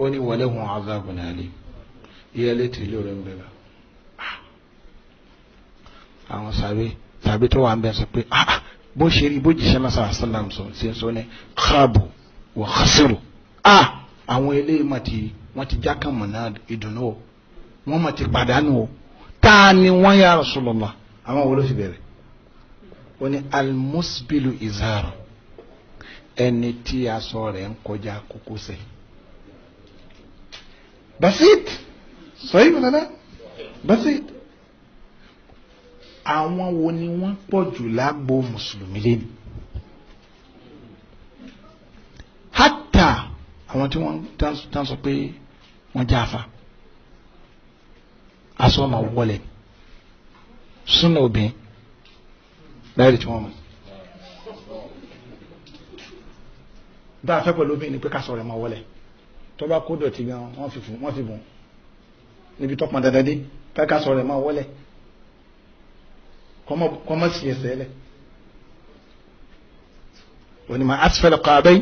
ó ní wọlé wọn azabun alim iye létí ilé rẹ̀ ń bẹ̀rẹ̀ ah! àwọn sàbí sàbí tó wà ń bẹ̀ sọ pé ah, ah, bó ṣe rí bó jìṣẹ́ masa asalam sọ sí sọ ní káàbù wà kásìrò àwọn eléyìí mà ti wọ́n ti já mọ̀nà ìdùnnú o wọ́n mà ti pàdánù o tá a ní wọ́n ya Rasulullah àwọn wo fi bẹ̀rẹ̀ ó ní almusbilu izara ẹni tí aṣọ rẹ̀ ń kọjá kókósẹ̀. That's it. Sọyí wọ́n dáná. That's it. Àwọn wo ni wọ́n pọ̀ jù lágbo Mùsùlùmí lẹ́nu? Hátà àwọn tí wọ́n tán sọ pé wọ́n já afa. Aṣọ ọmọ wọlé. Súnà obìnrin. Láyé tí wọ́n mọ̀. Bá a fẹ́ pẹ̀lú obìnrin ni pé ká sọ̀rọ̀ ẹ̀ máa wọlé tó bá kó dọ̀tí gan wọ́n fi fún wọ́n fi bùn níbi tó pọn dandan dé káka sọ rẹ̀ máa wọlé kọ́mọ́ sí ẹsẹ̀ lẹ̀ onímọ̀ asfẹ́lẹ̀ kọ́ abẹ́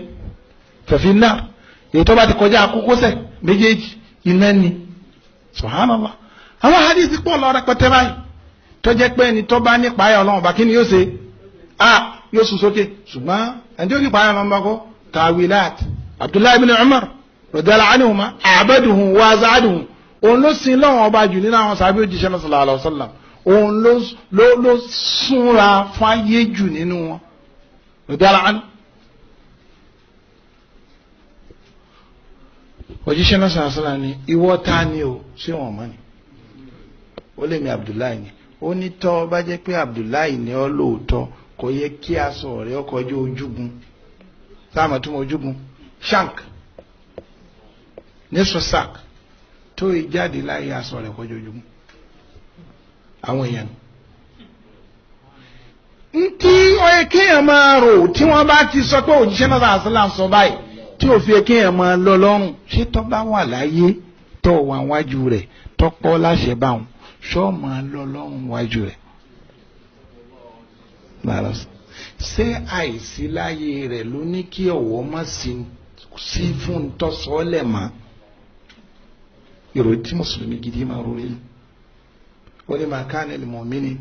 fẹ̀fí náà èyí tó bá ti kọjá kókósẹ̀ méjèèjì iná ni subhanallah àwọn hadith pọ̀ lọ rẹpẹtẹ báyìí tó jẹ́ pé ẹni tó bá nípa ayọ̀ ọlọ́run bá kí ni yóò ṣe a yóò sùn sókè ṣùgbọ́n ẹni tó nípa ayọ̀ ọlọ́run bá kọ́ tawilat abdullahi ibn umar rọ̀dẹ́lá ánìhùnmá àbẹ́dùhùn wá záàdùhùn òun ló sin lọ́wọ́n ọba jù nínú àwọn sàbí òjíṣẹ́ náà sallallahu alaihi wasallam òun ló súnra fáyé jù nínú wọn rọ̀dẹ́lá ánì. òjíṣẹ́ náà sallallahu alaihi wasallam ni ìwọ ta ni o ṣé wọn mọ́ ni ó lè mi Abdullahi ni ó ní tọ́ bá jẹ́ pé Abdullahi ni ọ lóòótọ́ kò yẹ kí aṣọ rẹ̀ ọkọ̀ ojú ojúgun sáà tó mọ̀ ojúgun shank nẹ́sọ̀ sack tó ìjáde láyé aṣọ rẹ̀ kọjọ́júmọ́ àwọn èèyàn ni. ntí ọyẹ kéèyàn máa rò tí wọ́n bá ti sọ pé òjíṣẹ́ náà sàásìlà sọ báyìí tí òfin kéèyàn máa lọ lọ́rùn ṣé tó bá wà láyé tó wà wájú rẹ̀ tó pọ̀ láṣẹ báwọn ṣó máa lọ lọ́rùn wájú rẹ̀ ṣé àìsí láyé rẹ̀ ló ní kí ọ̀wọ́ má sí fún tọ́sọ́ọ́lẹ̀ mọ́ ìròyìn tí mùsùlùmí gidi máa rò rí wọ́n ní màkánil mu'minin.